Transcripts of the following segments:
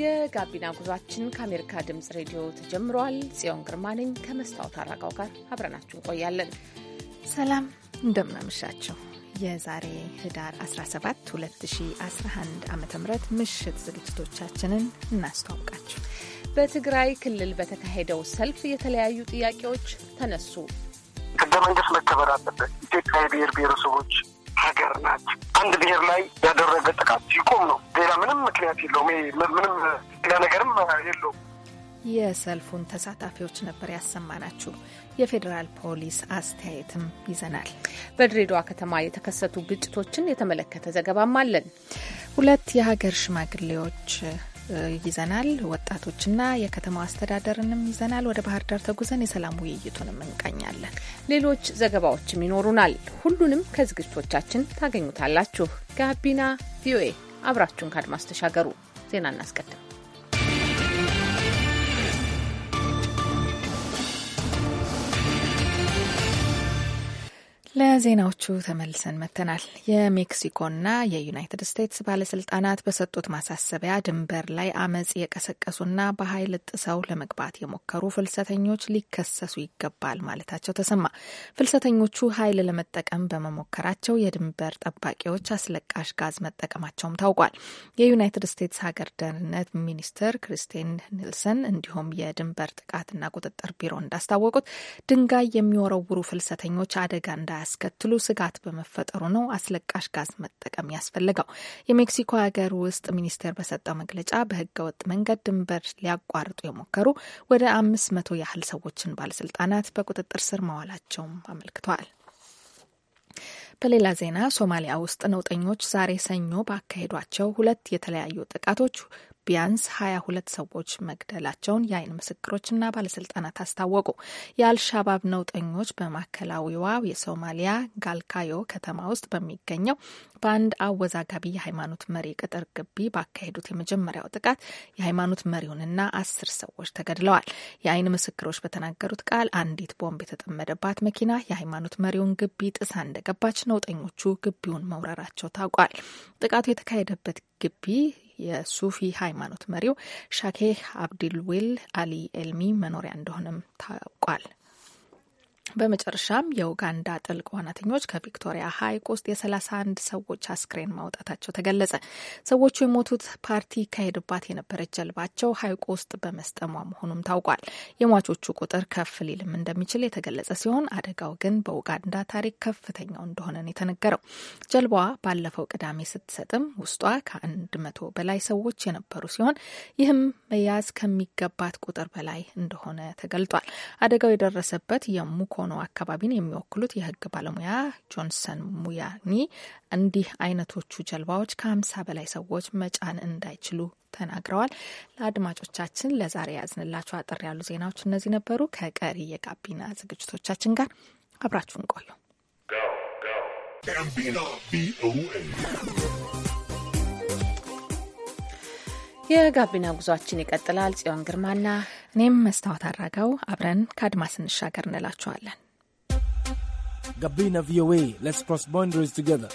የጋቢና ጉዟችን ከአሜሪካ ድምጽ ሬዲዮ ተጀምሯል። ጽዮን ግርማ ነኝ ከመስታወት አራጋው ጋር አብረናችሁ እንቆያለን። ሰላም እንደምናምሻቸው የዛሬ ህዳር 17 2011 ዓ ም ምሽት ዝግጅቶቻችንን እናስተዋውቃችሁ። በትግራይ ክልል በተካሄደው ሰልፍ የተለያዩ ጥያቄዎች ተነሱ። ህገ መንግስት መከበር አለበት። ኢትዮጵያ የብሔር ብሔረሰቦች ሀገር ናት። አንድ ብሔር ላይ ያደረገ ጥቃት ሲቆም ነው። ሌላ ምንም ምክንያት የለውም። ምንም ሌላ ነገርም የለውም። የሰልፉን ተሳታፊዎች ነበር ያሰማናችሁ። የፌዴራል ፖሊስ አስተያየትም ይዘናል። በድሬዳዋ ከተማ የተከሰቱ ግጭቶችን የተመለከተ ዘገባም አለን። ሁለት የሀገር ሽማግሌዎች ይዘናል። ወጣቶችና የከተማ አስተዳደርንም ይዘናል። ወደ ባህር ዳር ተጉዘን የሰላም ውይይቱንም እንቃኛለን። ሌሎች ዘገባዎችም ይኖሩናል። ሁሉንም ከዝግጅቶቻችን ታገኙታላችሁ። ጋቢና ቪኦኤ፣ አብራችሁን ከአድማስ ተሻገሩ። ዜና እናስቀድም። ለዜናዎቹ ተመልሰን መጥተናል። የሜክሲኮና የዩናይትድ ስቴትስ ባለስልጣናት በሰጡት ማሳሰቢያ ድንበር ላይ አመጽ የቀሰቀሱና በኃይል ጥሰው ለመግባት የሞከሩ ፍልሰተኞች ሊከሰሱ ይገባል ማለታቸው ተሰማ። ፍልሰተኞቹ ኃይል ለመጠቀም በመሞከራቸው የድንበር ጠባቂዎች አስለቃሽ ጋዝ መጠቀማቸውም ታውቋል። የዩናይትድ ስቴትስ ሀገር ደህንነት ሚኒስትር ክሪስቲን ኒልሰን እንዲሁም የድንበር ጥቃትና ቁጥጥር ቢሮ እንዳስታወቁት ድንጋይ የሚወረውሩ ፍልሰተኞች አደጋ እንዳ የሚያስከትሉ ስጋት በመፈጠሩ ነው አስለቃሽ ጋዝ መጠቀም ያስፈለገው። የሜክሲኮ ሀገር ውስጥ ሚኒስቴር በሰጠው መግለጫ በህገወጥ መንገድ ድንበር ሊያቋርጡ የሞከሩ ወደ አምስት መቶ ያህል ሰዎችን ባለስልጣናት በቁጥጥር ስር ማዋላቸውም አመልክተዋል። በሌላ ዜና ሶማሊያ ውስጥ ነውጠኞች ዛሬ ሰኞ ባካሄዷቸው ሁለት የተለያዩ ጥቃቶች ቢያንስ 22 ሰዎች መግደላቸውን የአይን ምስክሮችና ባለስልጣናት አስታወቁ። የአልሻባብ ነውጠኞች በማዕከላዊዋ የሶማሊያ ጋልካዮ ከተማ ውስጥ በሚገኘው በአንድ አወዛጋቢ የሃይማኖት መሪ ቅጥር ግቢ ባካሄዱት የመጀመሪያው ጥቃት የሃይማኖት መሪውንና አስር ሰዎች ተገድለዋል። የአይን ምስክሮች በተናገሩት ቃል አንዲት ቦምብ የተጠመደባት መኪና የሃይማኖት መሪውን ግቢ ጥሳ እንደገባች ነውጠኞቹ ግቢውን መውረራቸው ታውቋል። ጥቃቱ የተካሄደበት ግቢ የሱፊ ሃይማኖት መሪው ሻኬህ አብዲልዌል አሊ ኤልሚ መኖሪያ እንደሆነም ታውቋል። በመጨረሻም የኡጋንዳ ጥልቅ ዋናተኞች ከቪክቶሪያ ሐይቅ ውስጥ የሰላሳ አንድ ሰዎች አስክሬን ማውጣታቸው ተገለጸ። ሰዎቹ የሞቱት ፓርቲ ይካሄድባት የነበረች ጀልባቸው ሐይቁ ውስጥ በመስጠሟ መሆኑም ታውቋል። የሟቾቹ ቁጥር ከፍ ሊልም እንደሚችል የተገለጸ ሲሆን አደጋው ግን በኡጋንዳ ታሪክ ከፍተኛው እንደሆነ ነው የተነገረው። ጀልባዋ ባለፈው ቅዳሜ ስትሰጥም ውስጧ ከአንድ መቶ በላይ ሰዎች የነበሩ ሲሆን ይህም መያዝ ከሚገባት ቁጥር በላይ እንደሆነ ተገልጧል። አደጋው የደረሰበት የሙኮ ኮኖ አካባቢን የሚወክሉት የህግ ባለሙያ ጆንሰን ሙያኒ እንዲህ አይነቶቹ ጀልባዎች ከሀምሳ በላይ ሰዎች መጫን እንዳይችሉ ተናግረዋል። ለአድማጮቻችን ለዛሬ ያዝንላችሁ አጠር ያሉ ዜናዎች እነዚህ ነበሩ። ከቀሪ የጋቢና ዝግጅቶቻችን ጋር አብራችሁን ቆዩ። የጋቢና ጉዟችን ይቀጥላል። ጽዮን ግርማና እኔም መስታወት አድራጋው አብረን ከአድማስ እንሻገር እንላችኋለን። ጋቢና ቪኦኤ ሌትስ ክሮስ ቦንደሪስ ቱጌዘር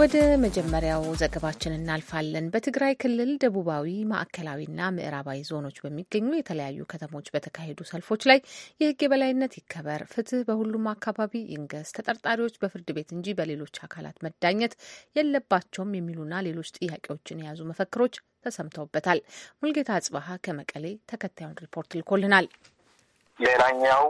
ወደ መጀመሪያው ዘገባችን እናልፋለን። በትግራይ ክልል ደቡባዊ፣ ማዕከላዊና ምዕራባዊ ዞኖች በሚገኙ የተለያዩ ከተሞች በተካሄዱ ሰልፎች ላይ የሕግ የበላይነት ይከበር፣ ፍትህ በሁሉም አካባቢ ይንገስ፣ ተጠርጣሪዎች በፍርድ ቤት እንጂ በሌሎች አካላት መዳኘት የለባቸውም የሚሉና ሌሎች ጥያቄዎችን የያዙ መፈክሮች ተሰምተውበታል። ሙልጌታ አጽባሀ ከመቀሌ ተከታዩን ሪፖርት ልኮልናል። ሌላኛው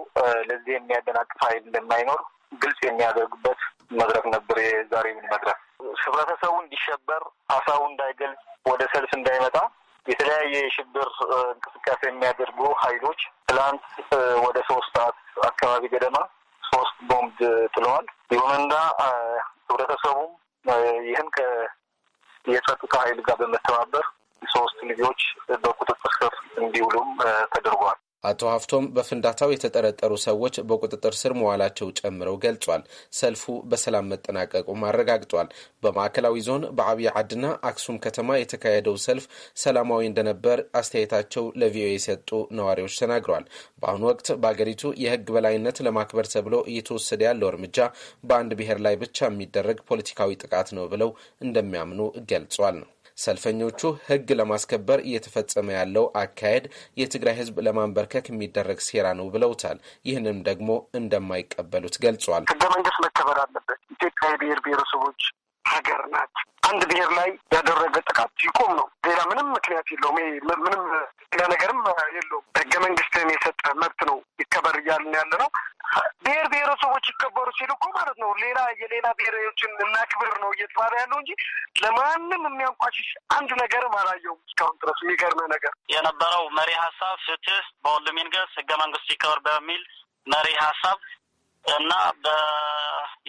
ለዚህ የሚያደናቅፍ ኃይል እንደማይኖር ግልጽ የሚያደርጉበት መድረክ ነበር የዛሬ መድረክ ህብረተሰቡ እንዲሸበር፣ አሳቡ እንዳይገልጽ፣ ወደ ሰልፍ እንዳይመጣ የተለያየ የሽብር እንቅስቃሴ የሚያደርጉ ኃይሎች ትላንት ወደ ሶስት ሰዓት አካባቢ ገደማ ሶስት ቦምብ ጥለዋል። ይሁንና ህብረተሰቡም ይህን የጸጥታ ኃይል ጋር በመተባበር ሶስት ልጆች በቁጥጥር ስር እንዲውሉም ተደርጓል። አቶ ሀፍቶም በፍንዳታው የተጠረጠሩ ሰዎች በቁጥጥር ስር መዋላቸው ጨምረው ገልጿል። ሰልፉ በሰላም መጠናቀቁም አረጋግጧል። በማዕከላዊ ዞን በአብይ ዓድና አክሱም ከተማ የተካሄደው ሰልፍ ሰላማዊ እንደነበር አስተያየታቸው ለቪኦኤ የሰጡ ነዋሪዎች ተናግረዋል። በአሁኑ ወቅት በአገሪቱ የህግ በላይነት ለማክበር ተብሎ እየተወሰደ ያለው እርምጃ በአንድ ብሔር ላይ ብቻ የሚደረግ ፖለቲካዊ ጥቃት ነው ብለው እንደሚያምኑ ገልጿል ነው ሰልፈኞቹ ህግ ለማስከበር እየተፈጸመ ያለው አካሄድ የትግራይ ህዝብ ለማንበርከክ የሚደረግ ሴራ ነው ብለውታል። ይህንም ደግሞ እንደማይቀበሉት ገልጿል። ህገ መንግስት መከበር አለበት። ኢትዮጵያ የብሔር ብሔረሰቦች ሀገር ናት። አንድ ብሔር ላይ ያደረገ ጥቃት ይቆም ነው። ሌላ ምንም ምክንያት የለውም። ምንም ሌላ ነገርም የለውም። ህገ መንግስትን የሰጠ መብት ነው ይከበር እያልን ያለ ነው። ብሔር ብሔረሰቦች ይከበሩ ሲሉ እኮ ማለት ነው ሌላ የሌላ ብሔሮችን እናክብር ነው እየተባለ ያለው እንጂ ለማንም የሚያንቋሽሽ አንድ ነገርም አላየውም እስካሁን ድረስ። የሚገርመ ነገር የነበረው መሪ ሀሳብ ፍትህ በሁሉም ይንገስ፣ ህገ መንግስቱ ይከበር በሚል መሪ ሀሳብ እና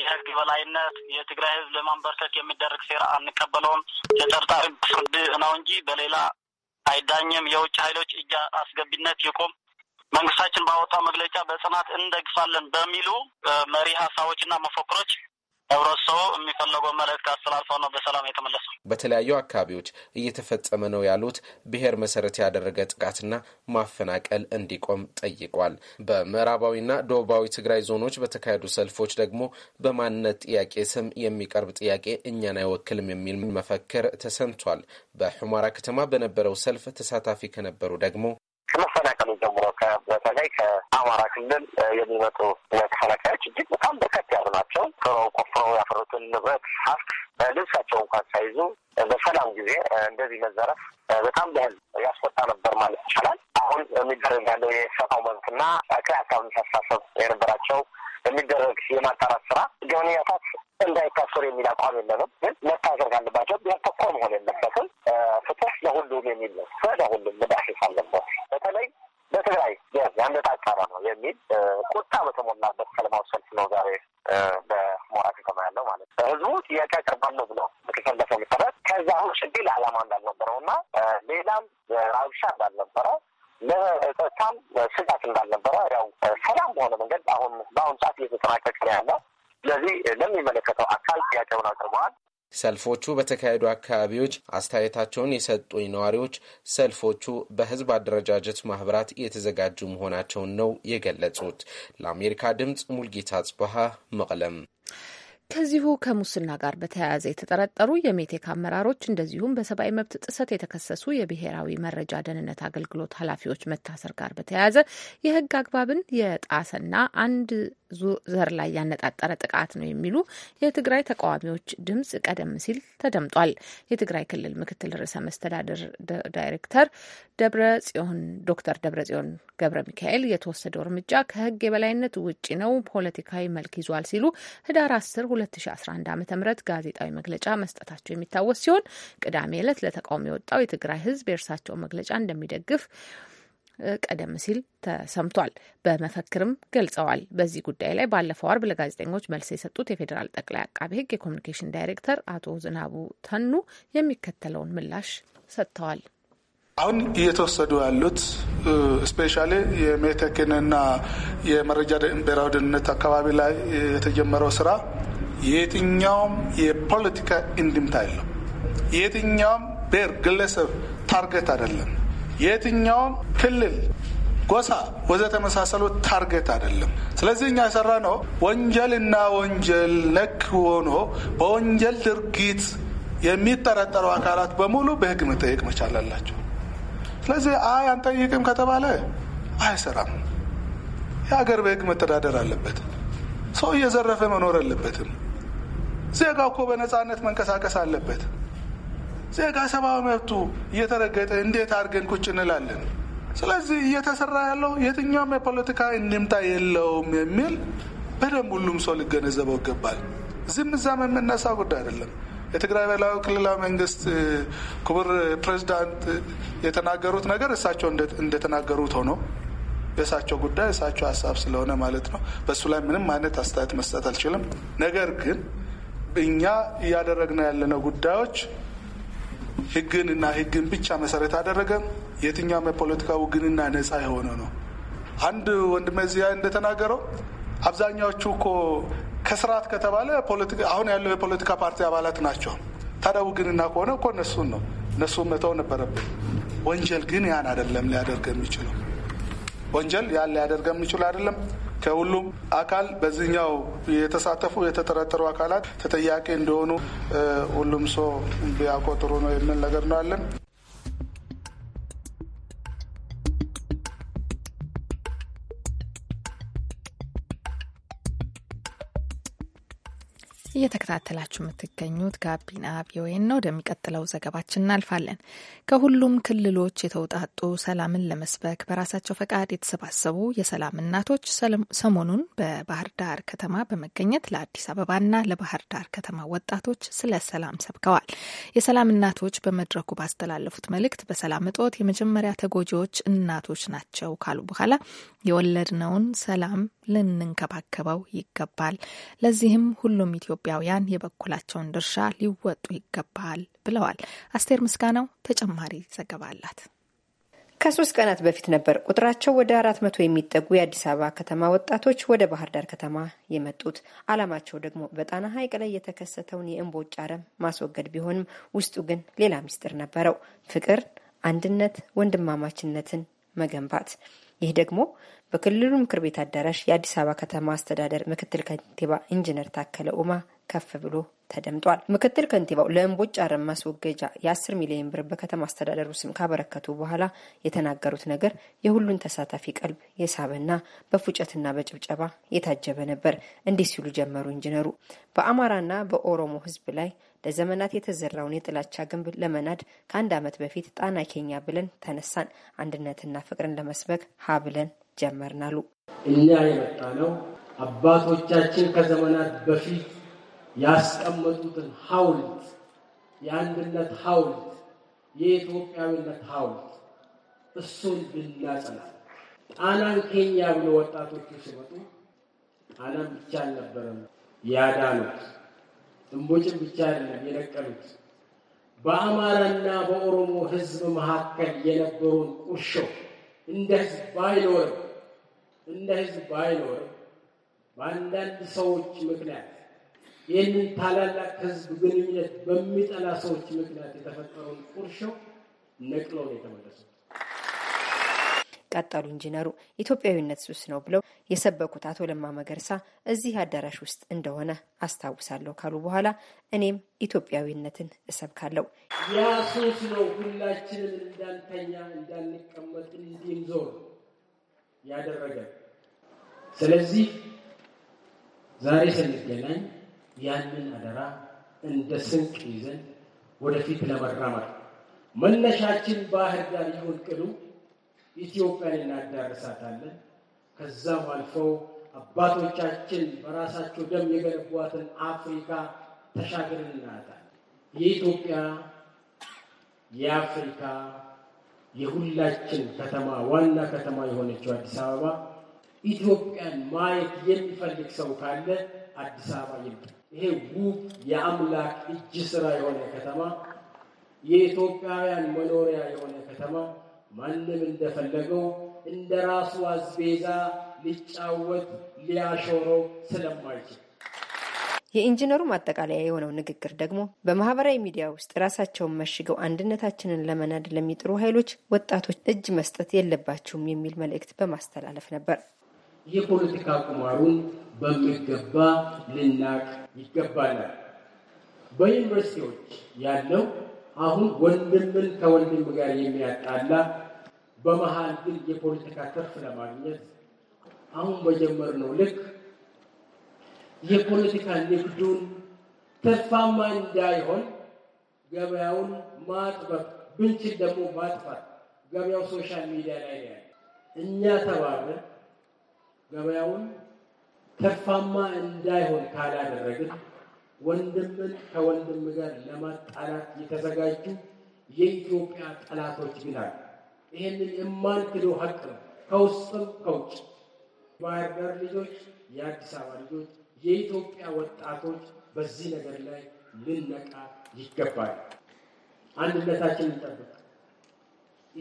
የህግ በላይነት የትግራይ ህዝብ ለማንበርከክ የሚደረግ ሴራ አንቀበለውም። ተጠርጣሪ ፍርድ ነው እንጂ በሌላ አይዳኝም። የውጭ ኃይሎች እጅ አስገቢነት ይቁም። መንግስታችን ባወጣው መግለጫ በጽናት እንደግፋለን በሚሉ መሪ ሀሳቦችና መፈክሮች ህብረተሰቡ የሚፈለገው መልእክት አስተላልፈው ነው በሰላም የተመለሱ። በተለያዩ አካባቢዎች እየተፈጸመ ነው ያሉት ብሔር መሰረት ያደረገ ጥቃትና ማፈናቀል እንዲቆም ጠይቋል። በምዕራባዊና ደቡባዊ ትግራይ ዞኖች በተካሄዱ ሰልፎች ደግሞ በማንነት ጥያቄ ስም የሚቀርብ ጥያቄ እኛን አይወክልም የሚል መፈክር ተሰምቷል። በሑመራ ከተማ በነበረው ሰልፍ ተሳታፊ ከነበሩ ደግሞ ከመፈናቀሉ ጀምሮ በተለይ ከአማራ ክልል የሚመጡ ተፈናቃዮች እጅግ በጣም በርከት ያሉ ናቸው። ቶሮ ቆፍረው ያፈሩትን ንብረት ሀብት ልብሳቸው እንኳን ሳይዙ በሰላም ጊዜ እንደዚህ መዘረፍ በጣም በህዝብ ያስቆጣ ነበር ማለት ይቻላል። አሁን የሚደረግ ያለው የሰጣው መብትና ከአካባቢ ሳሳሰብ የነበራቸው በሚደረግ የማጣራት ስራ ገበንያታት እንዳይታሰሩ የሚል አቋም የለንም። ግን መታሰር ካለባቸው ያተኮር መሆን የለበትም። ፍትህ ለሁሉም የሚል ነው። ፍትህ ለሁሉም መዳሰስ አለበት። በተለይ በትግራይ የአንድነት አጣራ ነው የሚል ቁጣ በተሞላበት ሰላማዊ ሰልፍ ነው ዛሬ በሞራ ከተማ ያለው ማለት ነው። ህዝቡ ጥያቄ አቀርባለሁ ብሎ በተሰለፈው መሰረት ከዛ አሁን ሽግል አላማ እንዳልነበረው እና ሌላም ራብሻ እንዳልነበረ ለጸጥታም ስጋት እንዳልነበረ ያው ሰላም በሆነ መንገድ አሁን በአሁን ሰዓት እየተጠናቀቀ ነው ያለው። ስለዚህ ለሚመለከተው አካል ጥያቄውን አቅርበዋል። ሰልፎቹ በተካሄዱ አካባቢዎች አስተያየታቸውን የሰጡኝ ነዋሪዎች ሰልፎቹ በህዝብ አደረጃጀት ማህበራት የተዘጋጁ መሆናቸውን ነው የገለጹት። ለአሜሪካ ድምፅ ሙልጌታ ጽበሃ መቅለም። ከዚሁ ከሙስና ጋር በተያያዘ የተጠረጠሩ የሜቴክ አመራሮች እንደዚሁም በሰብአዊ መብት ጥሰት የተከሰሱ የብሔራዊ መረጃ ደህንነት አገልግሎት ኃላፊዎች መታሰር ጋር በተያያዘ የህግ አግባብን የጣሰና አንድ ዘር ላይ ያነጣጠረ ጥቃት ነው የሚሉ የትግራይ ተቃዋሚዎች ድምጽ ቀደም ሲል ተደምጧል። የትግራይ ክልል ምክትል ርዕሰ መስተዳድር ዳይሬክተር ደብረ ጽዮን ዶክተር ደብረ ጽዮን ገብረ ሚካኤል የተወሰደው እርምጃ ከህግ የበላይነት ውጪ ነው፣ ፖለቲካዊ መልክ ይዟል ሲሉ ህዳር 10 2011 ዓ ም ጋዜጣዊ መግለጫ መስጠታቸው የሚታወስ ሲሆን ቅዳሜ ዕለት ለተቃውሞ የወጣው የትግራይ ህዝብ የእርሳቸውን መግለጫ እንደሚደግፍ ቀደም ሲል ተሰምቷል። በመፈክርም ገልጸዋል። በዚህ ጉዳይ ላይ ባለፈው አርብ ለጋዜጠኞች መልስ የሰጡት የፌዴራል ጠቅላይ አቃቤ ሕግ የኮሚኒኬሽን ዳይሬክተር አቶ ዝናቡ ተኑ የሚከተለውን ምላሽ ሰጥተዋል። አሁን እየተወሰዱ ያሉት ስፔሻሊ የሜቴክንና የመረጃ ብሔራዊ ደህንነት አካባቢ ላይ የተጀመረው ስራ የትኛውም የፖለቲካ እንድምታ የለም። የትኛውም ብሔር ግለሰብ ታርጌት አይደለም። የትኛውም ክልል፣ ጎሳ፣ ወዘ ተመሳሰሉት ታርጌት አይደለም። ስለዚህ እኛ የሰራ ነው ወንጀልና ወንጀል ነክ ሆኖ በወንጀል ድርጊት የሚጠረጠሩ አካላት በሙሉ በህግ መጠየቅ መቻል አላቸው። ስለዚህ አይ አንጠይቅም ከተባለ አይሰራም። የሀገር በህግ መተዳደር አለበት። ሰው እየዘረፈ መኖር አለበትም። ዜጋ እኮ በነፃነት መንቀሳቀስ አለበት። ዜጋ ሰብአዊ መብቱ እየተረገጠ እንዴት አድርገን ቁጭ እንላለን? ስለዚህ እየተሰራ ያለው የትኛውም የፖለቲካ እንምታ የለውም የሚል በደንብ ሁሉም ሰው ሊገነዘበው ይገባል። ዝም እዛም የምነሳ ጉዳይ አይደለም። የትግራይ ብሔራዊ ክልላዊ መንግስት ክቡር ፕሬዚዳንት የተናገሩት ነገር እሳቸው እንደተናገሩት ሆኖ የእሳቸው ጉዳይ እሳቸው ሀሳብ ስለሆነ ማለት ነው። በእሱ ላይ ምንም አይነት አስተያየት መስጠት አልችልም። ነገር ግን እኛ እያደረግነው ያለነው ጉዳዮች ህግን እና ህግን ብቻ መሰረት አደረገ የትኛውም የፖለቲካ ውግንና ነጻ የሆነ ነው። አንድ ወንድሜ እዚያ እንደተናገረው አብዛኛዎቹ እኮ ከስርዓት ከተባለ አሁን ያለው የፖለቲካ ፓርቲ አባላት ናቸው። ታዲያ ውግንና ከሆነ እኮ እነሱን ነው እነሱን መተው ነበረብን። ወንጀል ግን ያን አይደለም ሊያደርግ የሚችለው ወንጀል ያን ሊያደርግ የሚችለው አይደለም። ከሁሉም አካል በዚህኛው የተሳተፉ የተጠረጠሩ አካላት ተጠያቂ እንደሆኑ ሁሉም ሰው ቢያውቀው ጥሩ ነው የሚል ነገር ነው ያለን። እየተከታተላችሁ የምትገኙት ጋቢና ቪኦኤን ነው። ወደሚቀጥለው ዘገባችን እናልፋለን። ከሁሉም ክልሎች የተውጣጡ ሰላምን ለመስበክ በራሳቸው ፈቃድ የተሰባሰቡ የሰላም እናቶች ሰሞኑን በባህር ዳር ከተማ በመገኘት ለአዲስ አበባና ለባህር ዳር ከተማ ወጣቶች ስለ ሰላም ሰብከዋል። የሰላም እናቶች በመድረኩ ባስተላለፉት መልእክት በሰላም እጦት የመጀመሪያ ተጎጂዎች እናቶች ናቸው ካሉ በኋላ የወለድነውን ሰላም ልንንከባከበው ይገባል፣ ለዚህም ሁሉም ኢትዮጵያ ኢትዮጵያውያን የበኩላቸውን ድርሻ ሊወጡ ይገባል ብለዋል። አስቴር ምስጋናው ተጨማሪ ዘገባ አላት። ከሶስት ቀናት በፊት ነበር ቁጥራቸው ወደ አራት መቶ የሚጠጉ የአዲስ አበባ ከተማ ወጣቶች ወደ ባህር ዳር ከተማ የመጡት። ዓላማቸው ደግሞ በጣና ሐይቅ ላይ የተከሰተውን የእምቦጭ አረም ማስወገድ ቢሆንም ውስጡ ግን ሌላ ምስጢር ነበረው። ፍቅር፣ አንድነት፣ ወንድማማችነትን መገንባት ይህ ደግሞ በክልሉ ምክር ቤት አዳራሽ የአዲስ አበባ ከተማ አስተዳደር ምክትል ከንቲባ ኢንጂነር ታከለ ኡማ ከፍ ብሎ ተደምጧል። ምክትል ከንቲባው ለእንቦጭ አረም ማስወገጃ የ10 ሚሊዮን ብር በከተማ አስተዳደሩ ስም ካበረከቱ በኋላ የተናገሩት ነገር የሁሉን ተሳታፊ ቀልብ የሳበና በፉጨትና በጭብጨባ የታጀበ ነበር። እንዲህ ሲሉ ጀመሩ ኢንጂነሩ። በአማራና በኦሮሞ ሕዝብ ላይ ለዘመናት የተዘራውን የጥላቻ ግንብ ለመናድ ከአንድ ዓመት በፊት ጣና ኬኛ ብለን ተነሳን። አንድነትና ፍቅርን ለመስበክ ሀ ብለን ጀመርናሉ። እኛ የመጣ ነው አባቶቻችን ከዘመናት በፊት ያስቀመጡትን ሐውልት የአንድነት ሐውልት የኢትዮጵያዊነት ሐውልት እሱን ብናጸና ጣናን ኬንያ ብሎ ወጣቶቹ ሲመጡ ጣናን ብቻ አልነበረም ያዳኑት፣ እምቦጭን ብቻ አይደለም የለቀሉት። በአማራና በኦሮሞ ሕዝብ መካከል የነበረውን ቁርሾ እንደ ሕዝብ ባይኖርም እንደ ሕዝብ ባይኖርም በአንዳንድ ሰዎች ምክንያት ይህንን ታላላቅ ህዝብ ግንኙነት በሚጠላ ሰዎች ምክንያት የተፈጠረውን ቁርሾው ነቅለው ነው የተመለሱት። ቀጠሉ ኢንጂነሩ ኢትዮጵያዊነት ሱስ ነው ብለው የሰበኩት አቶ ለማ መገርሳ እዚህ አዳራሽ ውስጥ እንደሆነ አስታውሳለሁ ካሉ በኋላ እኔም ኢትዮጵያዊነትን እሰብካለሁ። ያ ሱስ ነው ሁላችንም እንዳንተኛ፣ እንዳንቀመጥ፣ ዞር ያደረገ። ስለዚህ ዛሬ ስንገናኝ ያንን አደራ እንደ ስንቅ ይዘን ወደፊት ለመራመድ መነሻችን ባህር ዳር ይሁን ቅሉ ኢትዮጵያን እናዳርሳታለን። ከዛም አልፈው አባቶቻችን በራሳቸው ደም የገነቧትን አፍሪካ ተሻገርን እናያታለን። የኢትዮጵያ የአፍሪካ የሁላችን ከተማ ዋና ከተማ የሆነችው አዲስ አበባ ኢትዮጵያን ማየት የሚፈልግ ሰው ካለ አዲስ አበባ ይልቅ ይሄ ውብ የአምላክ እጅ ስራ የሆነ ከተማ፣ የኢትዮጵያውያን መኖሪያ የሆነ ከተማ ማንም እንደፈለገው እንደ ራሱ አዝቤዛ ሊጫወት ሊያሾረው ስለማይችል የኢንጂነሩ ማጠቃለያ የሆነው ንግግር ደግሞ በማህበራዊ ሚዲያ ውስጥ ራሳቸውን መሽገው አንድነታችንን ለመናድ ለሚጥሩ ኃይሎች ወጣቶች እጅ መስጠት የለባቸውም የሚል መልእክት በማስተላለፍ ነበር። የፖለቲካ ቁማሩን በሚገባ ልናቅ ይገባናል። በዩኒቨርሲቲዎች ያለው አሁን ወንድምን ከወንድም ጋር የሚያጣላ በመሀል ግን የፖለቲካ ትርፍ ለማግኘት አሁን በጀመርነው ልክ የፖለቲካ ንግዱን ተስፋማ እንዳይሆን ገበያውን ማጥበብ ብንችል ደግሞ ማጥፋት ገበያው ሶሻል ሚዲያ ላይ ያለ እኛ ተባብረን ገበያውን ተፋማ እንዳይሆን ካላደረግን ወንድምን ከወንድም ጋር ለማጣላት የተዘጋጁ የኢትዮጵያ ጠላቶች ይላል። ይህንን የማንክደው ሀቅ ነው። ከውስጥም ከውጭ ባህር ዳር ልጆች፣ የአዲስ አበባ ልጆች፣ የኢትዮጵያ ወጣቶች በዚህ ነገር ላይ ልነቃ ይገባል። አንድነታችን እንጠብቅ፣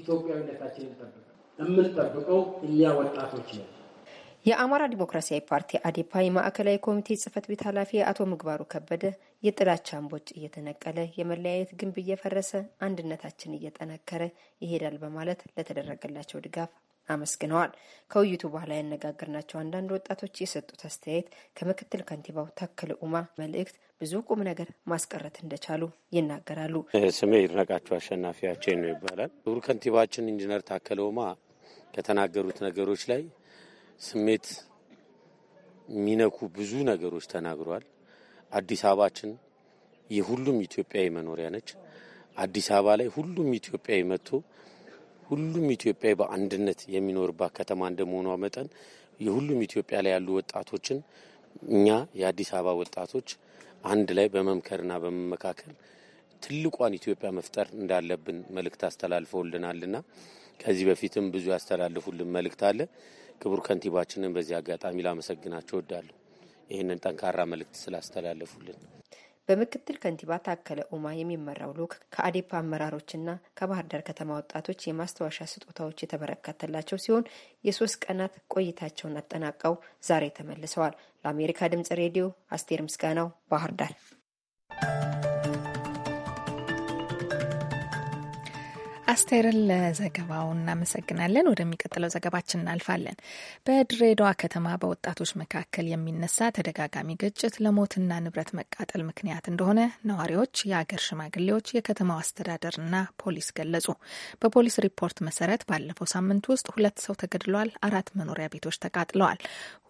ኢትዮጵያዊነታችን እንጠብቅ። የምንጠብቀው እኛ ወጣቶች ነው። የአማራ ዲሞክራሲያዊ ፓርቲ አዴፓ የማዕከላዊ ኮሚቴ ጽህፈት ቤት ኃላፊ አቶ ምግባሩ ከበደ የጥላቻ አምቦጭ እየተነቀለ የመለያየት ግንብ እየፈረሰ አንድነታችን እየጠነከረ ይሄዳል በማለት ለተደረገላቸው ድጋፍ አመስግነዋል። ከውይይቱ በኋላ ያነጋገርናቸው አንዳንድ ወጣቶች የሰጡት አስተያየት ከምክትል ከንቲባው ታከለ ኡማ መልእክት ብዙ ቁም ነገር ማስቀረት እንደቻሉ ይናገራሉ። ስሜ ይድነቃቸው አሸናፊያቸው ነው ይባላል። ክቡር ከንቲባችን ኢንጂነር ታከለ ኡማ ከተናገሩት ነገሮች ላይ ስሜት የሚነኩ ብዙ ነገሮች ተናግረዋል። አዲስ አበባችን የሁሉም ኢትዮጵያዊ መኖሪያ ነች። አዲስ አበባ ላይ ሁሉም ኢትዮጵያዊ መጥቶ ሁሉም ኢትዮጵያዊ በአንድነት የሚኖርባት ከተማ እንደመሆኗ መጠን የሁሉም ኢትዮጵያ ላይ ያሉ ወጣቶችን እኛ የአዲስ አበባ ወጣቶች አንድ ላይ በመምከርና በመመካከል ትልቋን ኢትዮጵያ መፍጠር እንዳለብን መልእክት አስተላልፈውልናልና ከዚህ በፊትም ብዙ ያስተላልፉልን መልእክት አለ። ክቡር ከንቲባችንን በዚህ አጋጣሚ ላመሰግናቸው እወዳለሁ ይህንን ጠንካራ መልእክት ስላስተላለፉልን። በምክትል ከንቲባ ታከለ ኡማ የሚመራው ልኡክ ከአዴፓ አመራሮችና ከባህር ዳር ከተማ ወጣቶች የማስታወሻ ስጦታዎች የተበረከተላቸው ሲሆን የሶስት ቀናት ቆይታቸውን አጠናቀው ዛሬ ተመልሰዋል። ለአሜሪካ ድምጽ ሬዲዮ አስቴር ምስጋናው ባህር ዳር። አስቴርን ለዘገባው እናመሰግናለን። ወደሚቀጥለው ዘገባችን እናልፋለን። በድሬዳዋ ከተማ በወጣቶች መካከል የሚነሳ ተደጋጋሚ ግጭት ለሞትና ንብረት መቃጠል ምክንያት እንደሆነ ነዋሪዎች፣ የአገር ሽማግሌዎች፣ የከተማው አስተዳደርና ፖሊስ ገለጹ። በፖሊስ ሪፖርት መሰረት ባለፈው ሳምንት ውስጥ ሁለት ሰው ተገድለዋል፣ አራት መኖሪያ ቤቶች ተቃጥለዋል።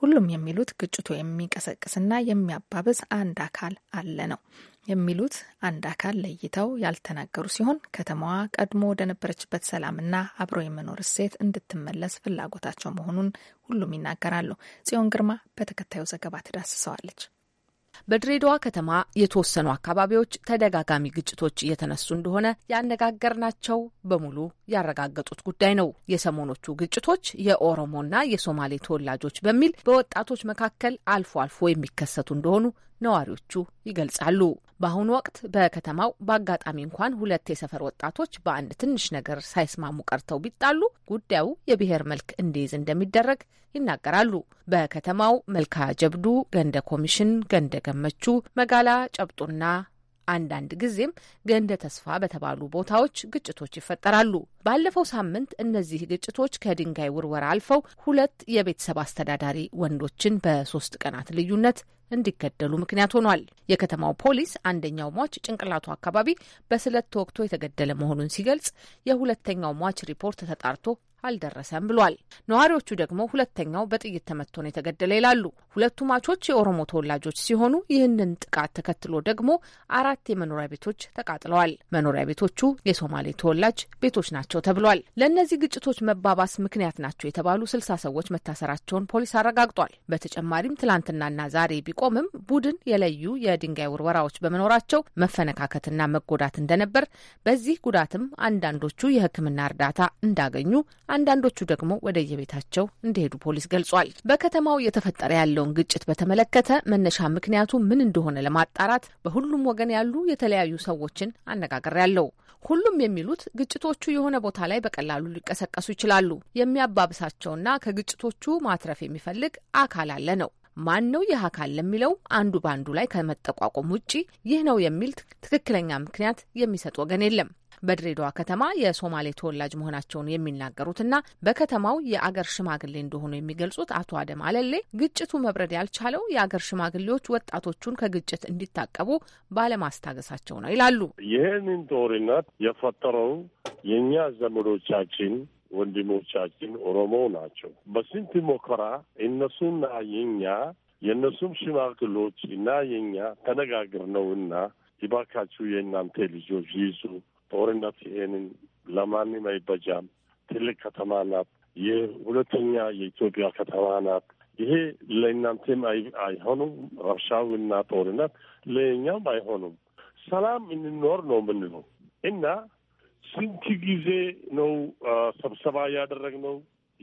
ሁሉም የሚሉት ግጭቱ የሚቀሰቅስና የሚያባብስ አንድ አካል አለ ነው። የሚሉት አንድ አካል ለይተው ያልተናገሩ ሲሆን ከተማዋ ቀድሞ ወደነበረችበት ሰላምና አብሮ የመኖር እሴት እንድትመለስ ፍላጎታቸው መሆኑን ሁሉም ይናገራሉ። ጽዮን ግርማ በተከታዩ ዘገባ ትዳስሰዋለች። በድሬዳዋ ከተማ የተወሰኑ አካባቢዎች ተደጋጋሚ ግጭቶች እየተነሱ እንደሆነ ያነጋገርናቸው በሙሉ ያረጋገጡት ጉዳይ ነው። የሰሞኖቹ ግጭቶች የኦሮሞና የሶማሌ ተወላጆች በሚል በወጣቶች መካከል አልፎ አልፎ የሚከሰቱ እንደሆኑ ነዋሪዎቹ ይገልጻሉ። በአሁኑ ወቅት በከተማው በአጋጣሚ እንኳን ሁለት የሰፈር ወጣቶች በአንድ ትንሽ ነገር ሳይስማሙ ቀርተው ቢጣሉ ጉዳዩ የብሔር መልክ እንዲይዝ እንደሚደረግ ይናገራሉ። በከተማው መልካ ጀብዱ፣ ገንደ ኮሚሽን፣ ገንደ ገመቹ፣ መጋላ ጨብጡና አንዳንድ ጊዜም ገንደ ተስፋ በተባሉ ቦታዎች ግጭቶች ይፈጠራሉ። ባለፈው ሳምንት እነዚህ ግጭቶች ከድንጋይ ውርወራ አልፈው ሁለት የቤተሰብ አስተዳዳሪ ወንዶችን በሶስት ቀናት ልዩነት እንዲገደሉ ምክንያት ሆኗል። የከተማው ፖሊስ አንደኛው ሟች ጭንቅላቱ አካባቢ በስለት ተወግቶ የተገደለ መሆኑን ሲገልጽ፣ የሁለተኛው ሟች ሪፖርት ተጣርቶ አልደረሰም ብሏል። ነዋሪዎቹ ደግሞ ሁለተኛው በጥይት ተመቶ ነው የተገደለ ይላሉ። ሁለቱ ማቾች የኦሮሞ ተወላጆች ሲሆኑ ይህንን ጥቃት ተከትሎ ደግሞ አራት የመኖሪያ ቤቶች ተቃጥለዋል። መኖሪያ ቤቶቹ የሶማሌ ተወላጅ ቤቶች ናቸው ተብሏል። ለእነዚህ ግጭቶች መባባስ ምክንያት ናቸው የተባሉ ስልሳ ሰዎች መታሰራቸውን ፖሊስ አረጋግጧል። በተጨማሪም ትላንትናና ዛሬ ቢቆምም ቡድን የለዩ የድንጋይ ውርወራዎች በመኖራቸው መፈነካከትና መጎዳት እንደነበር፣ በዚህ ጉዳትም አንዳንዶቹ የሕክምና እርዳታ እንዳገኙ አንዳንዶቹ ደግሞ ወደየቤታቸው እንዲሄዱ ፖሊስ ገልጿል። በከተማው እየተፈጠረ ያለውን ግጭት በተመለከተ መነሻ ምክንያቱ ምን እንደሆነ ለማጣራት በሁሉም ወገን ያሉ የተለያዩ ሰዎችን አነጋገር ያለው። ሁሉም የሚሉት ግጭቶቹ የሆነ ቦታ ላይ በቀላሉ ሊቀሰቀሱ ይችላሉ። የሚያባብሳቸውና ከግጭቶቹ ማትረፍ የሚፈልግ አካል አለ ነው ማን ነው ይህ አካል ለሚለው አንዱ በአንዱ ላይ ከመጠቋቆም ውጪ ይህ ነው የሚል ትክክለኛ ምክንያት የሚሰጥ ወገን የለም። በድሬዳዋ ከተማ የሶማሌ ተወላጅ መሆናቸውን የሚናገሩትና በከተማው የአገር ሽማግሌ እንደሆኑ የሚገልጹት አቶ አደም አለሌ ግጭቱ መብረድ ያልቻለው የአገር ሽማግሌዎች ወጣቶቹን ከግጭት እንዲታቀቡ ባለማስታገሳቸው ነው ይላሉ። ይህንን ጦርነት የፈጠረው የእኛ ዘመዶቻችን ወንድሞቻችን ኦሮሞ ናቸው። በስንት ሞከራ እነሱና የኛ የእነሱም ሽማግሎች እና የኛ ተነጋግር ነው ይባካችሁ የእናንተ ልጆች ይዙ ጦርነት ይሄንን ለማንም አይበጃም። ትልቅ ከተማ ናት። የሁለተኛ የኢትዮጵያ ከተማ ናት። ይሄ ለእናንተም አይሆኑም። ረብሻዊና ጦርነት ለእኛም አይሆኑም። ሰላም እንኖር ነው የምንለው እና ስንት ጊዜ ነው ስብሰባ ያደረግነው?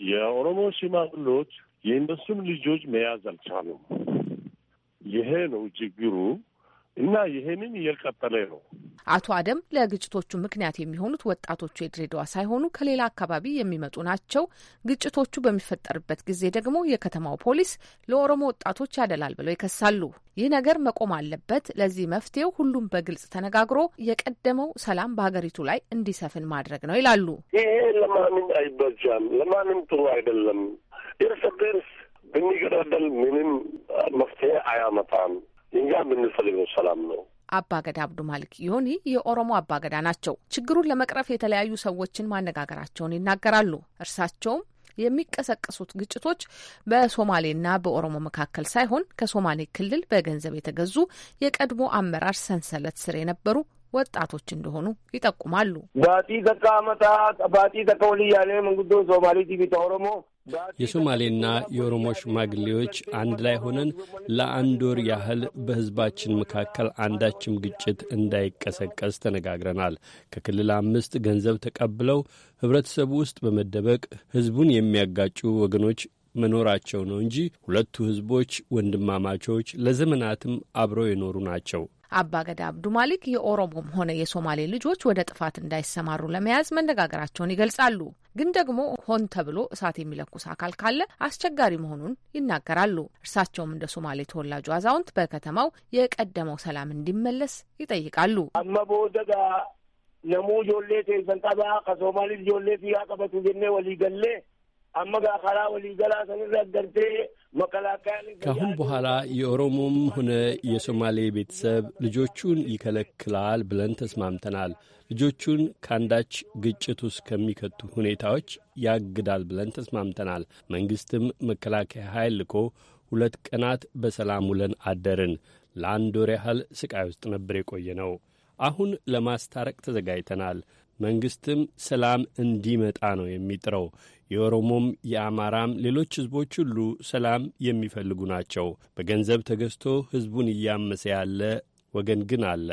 የኦሮሞ ሽማግሎች የእነሱም ልጆች መያዝ አልቻሉም። ይሄ ነው ችግሩ። እና ይሄንን እየቀጠለ ነው። አቶ አደም ለግጭቶቹ ምክንያት የሚሆኑት ወጣቶቹ የድሬዳዋ ሳይሆኑ ከሌላ አካባቢ የሚመጡ ናቸው። ግጭቶቹ በሚፈጠርበት ጊዜ ደግሞ የከተማው ፖሊስ ለኦሮሞ ወጣቶች ያደላል ብለው ይከሳሉ። ይህ ነገር መቆም አለበት። ለዚህ መፍትሄው ሁሉም በግልጽ ተነጋግሮ የቀደመው ሰላም በሀገሪቱ ላይ እንዲሰፍን ማድረግ ነው ይላሉ። ይሄ ለማንም አይበጃም፣ ለማንም ጥሩ አይደለም። የእርስ በርስ ብንገዳደል ምንም መፍትሄ አያመጣም። እኛ የምንፈልገው ሰላም ነው። አባገዳ አብዱ ማሊክ ዮኒ የኦሮሞ አባገዳ ናቸው። ችግሩን ለመቅረፍ የተለያዩ ሰዎችን ማነጋገራቸውን ይናገራሉ። እርሳቸውም የሚቀሰቀሱት ግጭቶች በሶማሌና በኦሮሞ መካከል ሳይሆን ከሶማሌ ክልል በገንዘብ የተገዙ የቀድሞ አመራር ሰንሰለት ስር የነበሩ ወጣቶች እንደሆኑ ይጠቁማሉ። ባጢ ተቃመጣ ባጢ ተቀውል ያለ መንግዶ ሶማሌ ቲቪ ኦሮሞ የሶማሌና የኦሮሞ ሽማግሌዎች አንድ ላይ ሆነን ለአንድ ወር ያህል በሕዝባችን መካከል አንዳችም ግጭት እንዳይቀሰቀስ ተነጋግረናል። ከክልል አምስት ገንዘብ ተቀብለው ህብረተሰቡ ውስጥ በመደበቅ ሕዝቡን የሚያጋጩ ወገኖች መኖራቸው ነው እንጂ ሁለቱ ሕዝቦች ወንድማማቾች፣ ለዘመናትም አብረው የኖሩ ናቸው። አባገዳ አብዱ ማሊክ የኦሮሞም ሆነ የሶማሌ ልጆች ወደ ጥፋት እንዳይሰማሩ ለመያዝ መነጋገራቸውን ይገልጻሉ። ግን ደግሞ ሆን ተብሎ እሳት የሚለኩስ አካል ካለ አስቸጋሪ መሆኑን ይናገራሉ። እርሳቸውም እንደ ሶማሌ ተወላጁ አዛውንት በከተማው የቀደመው ሰላም እንዲመለስ ይጠይቃሉ። ነሙ ጆሌ ሰንጠባ ከሶማሌ ጆሌ ያቀበቱ ወሊገሌ ከአሁን በኋላ የኦሮሞም ሆነ የሶማሌ ቤተሰብ ልጆቹን ይከለክላል ብለን ተስማምተናል። ልጆቹን ከአንዳች ግጭት ውስጥ ከሚከቱ ሁኔታዎች ያግዳል ብለን ተስማምተናል። መንግሥትም መከላከያ ኃይል ልኮ ሁለት ቀናት በሰላም ውለን አደርን። ለአንድ ወር ያህል ስቃይ ውስጥ ነበር የቆየ ነው። አሁን ለማስታረቅ ተዘጋጅተናል። መንግስትም ሰላም እንዲመጣ ነው የሚጥረው። የኦሮሞም የአማራም ሌሎች ህዝቦች ሁሉ ሰላም የሚፈልጉ ናቸው። በገንዘብ ተገዝቶ ህዝቡን እያመሰ ያለ ወገን ግን አለ።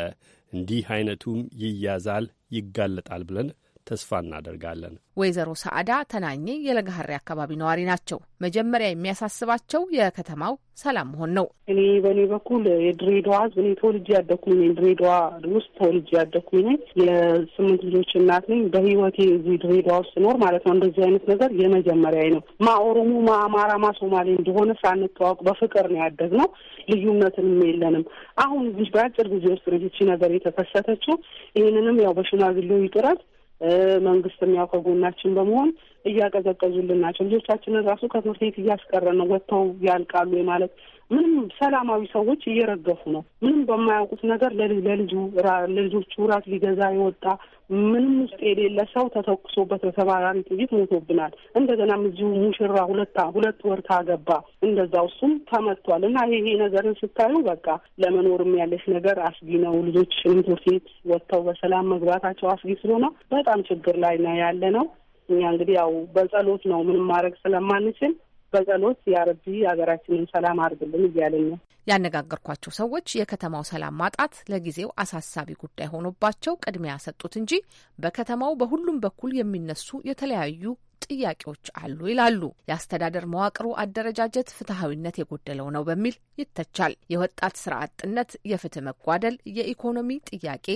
እንዲህ አይነቱም ይያዛል፣ ይጋለጣል ብለን ተስፋ እናደርጋለን። ወይዘሮ ሰዓዳ ተናኜ የለጋሀሪ አካባቢ ነዋሪ ናቸው። መጀመሪያ የሚያሳስባቸው የከተማው ሰላም መሆን ነው። እኔ በእኔ በኩል የድሬዳዋ ሕዝብ እኔ ተወልጄ ያደኩኝ ነኝ። ድሬዳዋ ውስጥ ተወልጄ ያደኩኝ ነኝ። የስምንት ልጆች እናት ነኝ። በህይወቴ እዚህ ድሬዳዋ ውስጥ ኖር ማለት ነው እንደዚህ አይነት ነገር የመጀመሪያ ነው። ማ ኦሮሞ፣ ማ አማራ፣ ማ ሶማሌ እንደሆነ ሳንተዋወቅ በፍቅር ነው ያደግነው። ልዩነትንም የለንም። አሁን እዚህ በአጭር ጊዜ ውስጥ ነች ነገር የተከሰተችው። ይህንንም ያው በሽማግሌው ጥረት መንግስትም ያው ከጎናችን በመሆን እያቀዘቀዙልን ናቸው። ልጆቻችንን ራሱ ከትምህርት ቤት እያስቀረ ነው። ወጥተው ያልቃሉ ማለት ምንም ሰላማዊ ሰዎች እየረገፉ ነው። ምንም በማያውቁት ነገር ለልጁ ለልጆቹ ራት ሊገዛ የወጣ ምንም ውስጥ የሌለ ሰው ተተኩሶበት በተባራሪ ጥይት ሞቶብናል። እንደገና እዚሁ ሙሽራ ሁለታ ሁለት ወር ታገባ እንደዛው እሱም ተመቷል። እና ይሄ ነገርን ስታዩ በቃ ለመኖርም ያለች ነገር አስጊ ነው። ልጆች ሽንኩርት ቤት ወጥተው በሰላም መግባታቸው አስጊ ስለሆነ በጣም ችግር ላይ ነው ያለ ነው። እኛ እንግዲህ ያው በጸሎት ነው ምንም ማድረግ ስለማንችል በጸሎት የአረቢ ሀገራችንን ሰላም አድርግልን እያልን ነው። ያነጋገርኳቸው ሰዎች የከተማው ሰላም ማጣት ለጊዜው አሳሳቢ ጉዳይ ሆኖባቸው ቅድሚያ ሰጡት እንጂ በከተማው በሁሉም በኩል የሚነሱ የተለያዩ ጥያቄዎች አሉ ይላሉ። የአስተዳደር መዋቅሩ አደረጃጀት ፍትሐዊነት የጎደለው ነው በሚል ይተቻል። የወጣት ስራ አጥነት፣ የፍትህ መጓደል፣ የኢኮኖሚ ጥያቄ፣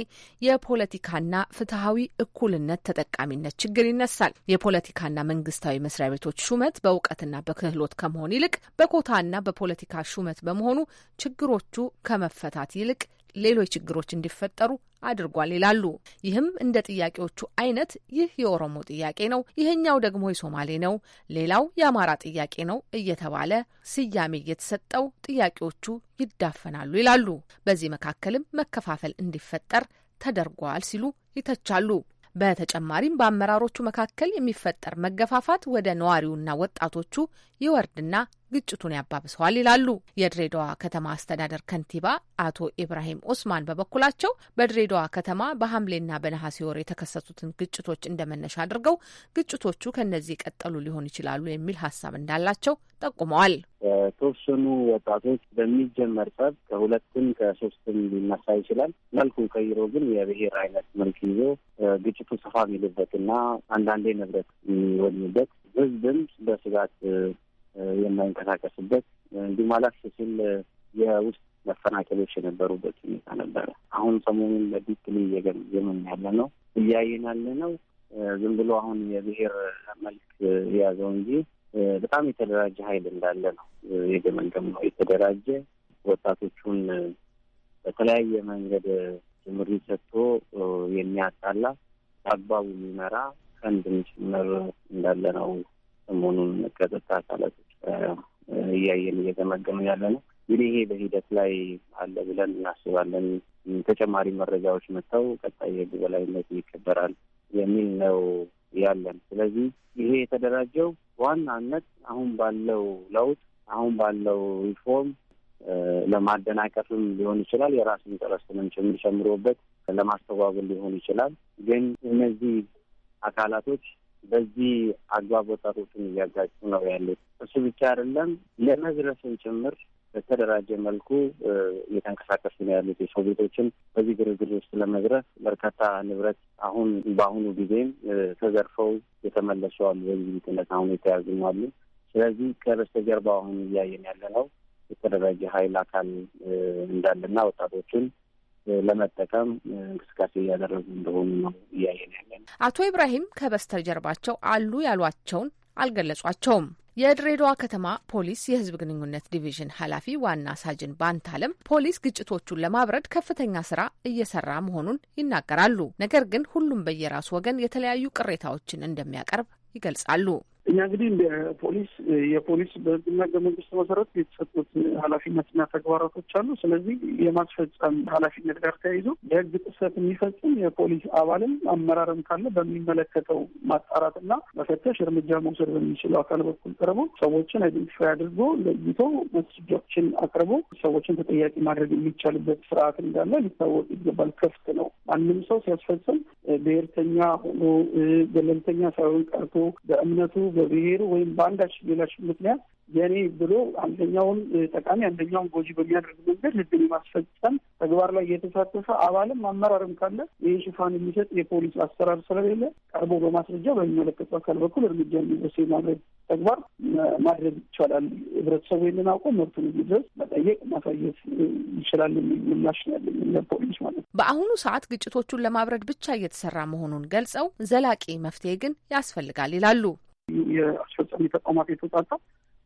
የፖለቲካና ፍትሐዊ እኩልነት ተጠቃሚነት ችግር ይነሳል። የፖለቲካና መንግስታዊ መስሪያ ቤቶች ሹመት በእውቀትና በክህሎት ከመሆን ይልቅ በኮታና በፖለቲካ ሹመት በመሆኑ ችግሮቹ ከመፈታት ይልቅ ሌሎች ችግሮች እንዲፈጠሩ አድርጓል ይላሉ። ይህም እንደ ጥያቄዎቹ አይነት ይህ የኦሮሞ ጥያቄ ነው፣ ይህኛው ደግሞ የሶማሌ ነው፣ ሌላው የአማራ ጥያቄ ነው እየተባለ ስያሜ እየተሰጠው ጥያቄዎቹ ይዳፈናሉ ይላሉ። በዚህ መካከልም መከፋፈል እንዲፈጠር ተደርጓል ሲሉ ይተቻሉ። በተጨማሪም በአመራሮቹ መካከል የሚፈጠር መገፋፋት ወደ ነዋሪውና ወጣቶቹ ይወርድና ግጭቱን ያባብሰዋል ይላሉ። የድሬዳዋ ከተማ አስተዳደር ከንቲባ አቶ ኢብራሂም ኦስማን በበኩላቸው በድሬዳዋ ከተማ በሐምሌና በነሐሴ ወር የተከሰቱትን ግጭቶች እንደመነሻ አድርገው ግጭቶቹ ከነዚህ የቀጠሉ ሊሆን ይችላሉ የሚል ሀሳብ እንዳላቸው ጠቁመዋል። የተወሰኑ ወጣቶች በሚጀመር ጸብ ከሁለትም ከሶስትም ሊነሳ ይችላል። መልኩ ቀይሮ ግን የብሔር አይነት መልክ ይዞ ግጭቱ ሰፋ የሚልበትና አንዳንዴ ንብረት የሚወድምበት ህዝብም በስጋት የማይንቀሳቀሱበት እንዲሁም አላፍ ሲል የውስጥ መፈናቀሎች የነበሩበት ሁኔታ ነበረ። አሁን ሰሞኑን በዲፕሊ እየገምን ያለ ነው እያየን ያለ ነው። ዝም ብሎ አሁን የብሔር መልክ የያዘው እንጂ በጣም የተደራጀ ኃይል እንዳለ ነው የገመገም ነው። የተደራጀ ወጣቶቹን በተለያየ መንገድ ምሪት ሰጥቶ የሚያጣላ በአግባቡ የሚመራ ከንድም ጭምር እንዳለ ነው ሰሞኑን ከጸጥታ አካላቶች እያየን እየገመገኑ ያለ ነው። ግን ይሄ በሂደት ላይ አለ ብለን እናስባለን። ተጨማሪ መረጃዎች መጥተው ቀጣይ የህግ በላይነት ይከበራል የሚል ነው ያለን። ስለዚህ ይሄ የተደራጀው ዋናነት አሁን ባለው ለውጥ አሁን ባለው ሪፎርም ለማደናቀፍም ሊሆን ይችላል። የራሱን ጥረቱንም ጭምር ጨምሮበት ለማስተጓጎል ሊሆን ይችላል። ግን እነዚህ አካላቶች በዚህ አግባብ ወጣቶችን እያጋጩ ነው ያሉት። እሱ ብቻ አይደለም ለመዝረፍን ጭምር በተደራጀ መልኩ እየተንቀሳቀሱ ነው ያሉት። የሰው ቤቶችን በዚህ ግርግር ውስጥ ለመዝረፍ በርካታ ንብረት አሁን በአሁኑ ጊዜም ተዘርፈው የተመለሱ አሉ። በዚህ ቤትነት አሁን የተያዙም አሉ። ስለዚህ ከበስተጀርባ አሁን እያየን ያለ ነው የተደራጀ ኃይል አካል እንዳለና ወጣቶችን ለመጠቀም እንቅስቃሴ እያደረጉ እንደሆኑ ነው እያየን ያለን። አቶ ኢብራሂም ከበስተጀርባቸው አሉ ያሏቸውን አልገለጿቸውም። የድሬዳዋ ከተማ ፖሊስ የሕዝብ ግንኙነት ዲቪዥን ኃላፊ ዋና ሳጅን ባንታለም ፖሊስ ግጭቶቹን ለማብረድ ከፍተኛ ስራ እየሰራ መሆኑን ይናገራሉ። ነገር ግን ሁሉም በየራሱ ወገን የተለያዩ ቅሬታዎችን እንደሚያቀርብ ይገልጻሉ። እኛ እንግዲህ እንደ ፖሊስ የፖሊስ በህግና ህገ መንግስት መሰረት የተሰጡት ኃላፊነትና ተግባራቶች አሉ። ስለዚህ የማስፈጸም ኃላፊነት ጋር ተያይዞ የህግ ጥሰት የሚፈጽም የፖሊስ አባልም አመራርም ካለ በሚመለከተው ማጣራትና መፈተሽ እርምጃ መውሰድ በሚችለው አካል በኩል ቀርቦ ሰዎችን አይደንቲፋይ አድርጎ ለይቶ መስጃዎችን አቅርቦ ሰዎችን ተጠያቂ ማድረግ የሚቻልበት ስርዓት እንዳለ ሊታወቅ ይገባል። ክፍት ነው። ማንም ሰው ሲያስፈጽም ብሔርተኛ ሆኖ ገለልተኛ ሳይሆን ቀርቶ በእምነቱ በብሔሩ ወይም በአንዳች ሌላች ምክንያት የኔ ብሎ አንደኛውን ጠቃሚ አንደኛውን ጎጂ በሚያደርግ መንገድ ህግን የማስፈጸም ተግባር ላይ የተሳተፈ አባልም አመራርም ካለ ይህ ሽፋን የሚሰጥ የፖሊስ አሰራር ስለሌለ ቀርቦ በማስረጃ በሚመለከቱ አካል በኩል እርምጃ የሚወሰድ ማድረግ ተግባር ማድረግ ይቻላል። ህብረተሰቡ ይህንን አውቆ መብቱን ድረስ መጠየቅ ማሳየት ይችላል የሚል ምላሽ ያለኝ ለፖሊስ ማለት ነው። በአሁኑ ሰዓት ግጭቶቹን ለማብረድ ብቻ እየተሰራ መሆኑን ገልጸው ዘላቂ መፍትሄ ግን ያስፈልጋል ይላሉ። የአስፈጻሚ ተቋማት የተውጣጣ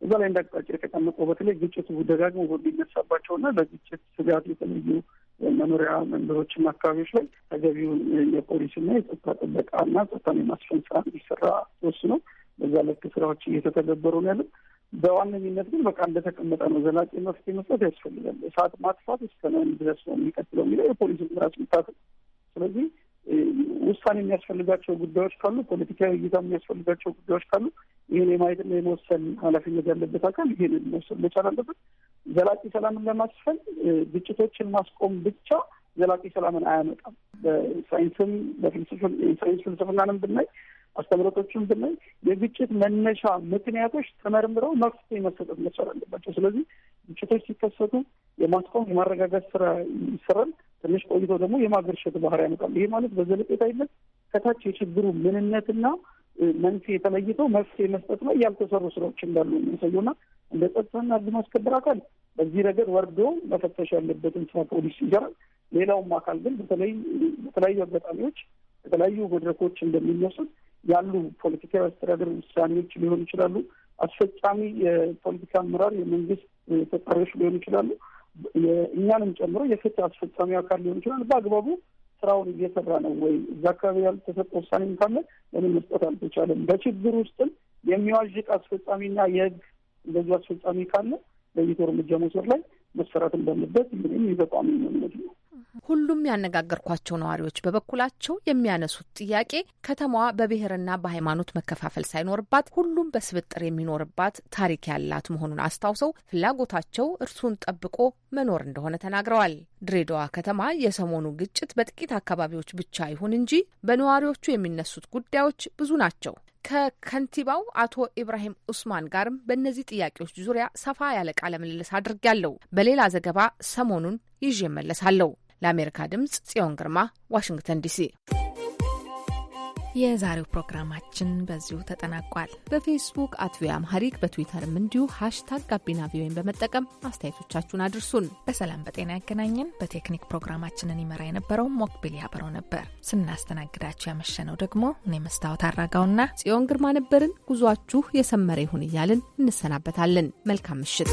እዛ ላይ እንዳቅጣጫ የተቀመጠው በተለይ ግጭቱ ደጋግሞ ወደሚነሳባቸውና ለግጭት ስጋት የተለዩ መኖሪያ መንደሮችና አካባቢዎች ላይ ተገቢውን የፖሊስና የጸጥታ ጥበቃና ጸጥታን የማስፈን ስራ እንዲሰራ ተወስኖ በዛ ልክ ስራዎች እየተተገበሩ ነው ያለው። በዋነኝነት ግን በቃ እንደተቀመጠ ነው። ዘላቂ መፍትሄ መስጠት ያስፈልጋል። እሳት ማጥፋት እስከ ድረስ ነው የሚቀጥለው የሚለው የፖሊስ ራሱ ምታስብ ስለዚህ ውሳኔ የሚያስፈልጋቸው ጉዳዮች ካሉ፣ ፖለቲካዊ እይታ የሚያስፈልጋቸው ጉዳዮች ካሉ ይህን የማየትና የመወሰን ኃላፊነት ያለበት አካል ይህን መወሰን መቻል አለበት። ዘላቂ ሰላምን ለማስፈን ግጭቶችን ማስቆም ብቻ ዘላቂ ሰላምን አያመጣም። በሳይንስም በፍልስፍናንም ብናይ አስተምህሮቶችን ብናይ የግጭት መነሻ ምክንያቶች ተመርምረው መፍትሄ መሰጠት መቻል አለባቸው። ስለዚህ ግጭቶች ሲከሰቱ የማስቆም የማረጋጋት ስራ ይሰራል። ትንሽ ቆይቶ ደግሞ የማገርሸት ባህር ያመጣል። ይሄ ማለት በዘለቄታይነት ከታች የችግሩ ምንነትና መንስኤ ተለይቶ መፍትሄ መስጠት ላይ ያልተሰሩ ስራዎች እንዳሉ የሚያሳየውና እንደ ጸጥታና ሕግ ማስከበር አካል በዚህ ረገድ ወርዶ መፈተሽ ያለበትን ስራ ፖሊስ ይሰራል። ሌላውም አካል ግን በተለይ በተለያዩ አጋጣሚዎች የተለያዩ መድረኮች እንደሚነሱት ያሉ ፖለቲካዊ አስተዳደር ውሳኔዎች ሊሆኑ ይችላሉ። አስፈጻሚ የፖለቲካ አመራር፣ የመንግስት ተጠሪዎች ሊሆኑ ይችላሉ። እኛንም ጨምሮ የፍትህ አስፈጻሚ አካል ሊሆን ይችላል። በአግባቡ ስራውን እየሰራ ነው ወይ? እዛ አካባቢ ያልተሰጠ ውሳኔም ካለ ለምን መስጠት አልተቻለም? በችግር ውስጥም የሚዋዥቅ አስፈጻሚና የህግ እንደዚሁ አስፈጻሚ ካለ ለይቶ እርምጃ መውሰድ ላይ መሰራት እንዳለበት ምንም የተቋሚ እምነት ነው። ሁሉም ያነጋገርኳቸው ነዋሪዎች በበኩላቸው የሚያነሱት ጥያቄ ከተማዋ በብሔርና በሃይማኖት መከፋፈል ሳይኖርባት ሁሉም በስብጥር የሚኖርባት ታሪክ ያላት መሆኑን አስታውሰው ፍላጎታቸው እርሱን ጠብቆ መኖር እንደሆነ ተናግረዋል። ድሬዳዋ ከተማ የሰሞኑ ግጭት በጥቂት አካባቢዎች ብቻ ይሁን እንጂ በነዋሪዎቹ የሚነሱት ጉዳዮች ብዙ ናቸው። ከከንቲባው አቶ ኢብራሂም ኡስማን ጋርም በእነዚህ ጥያቄዎች ዙሪያ ሰፋ ያለ ቃለ ምልልስ አድርጌያለሁ። በሌላ ዘገባ ሰሞኑን ይዤ እመለሳለሁ። ለአሜሪካ ድምጽ ጽዮን ግርማ ዋሽንግተን ዲሲ። የዛሬው ፕሮግራማችን በዚሁ ተጠናቋል። በፌስቡክ አት ቪኦኤ አምሃሪክ በትዊተርም እንዲሁ ሀሽታግ ጋቢና ቪኦኤን በመጠቀም አስተያየቶቻችሁን አድርሱን። በሰላም በጤና ያገናኘን። በቴክኒክ ፕሮግራማችንን ይመራ የነበረው ሞክቢል ያበረው ነበር። ስናስተናግዳችሁ ያመሸነው ደግሞ እኔ መስታወት አራጋውና ጽዮን ግርማ ነበርን። ጉዟችሁ የሰመረ ይሁን እያልን እንሰናበታለን። መልካም ምሽት።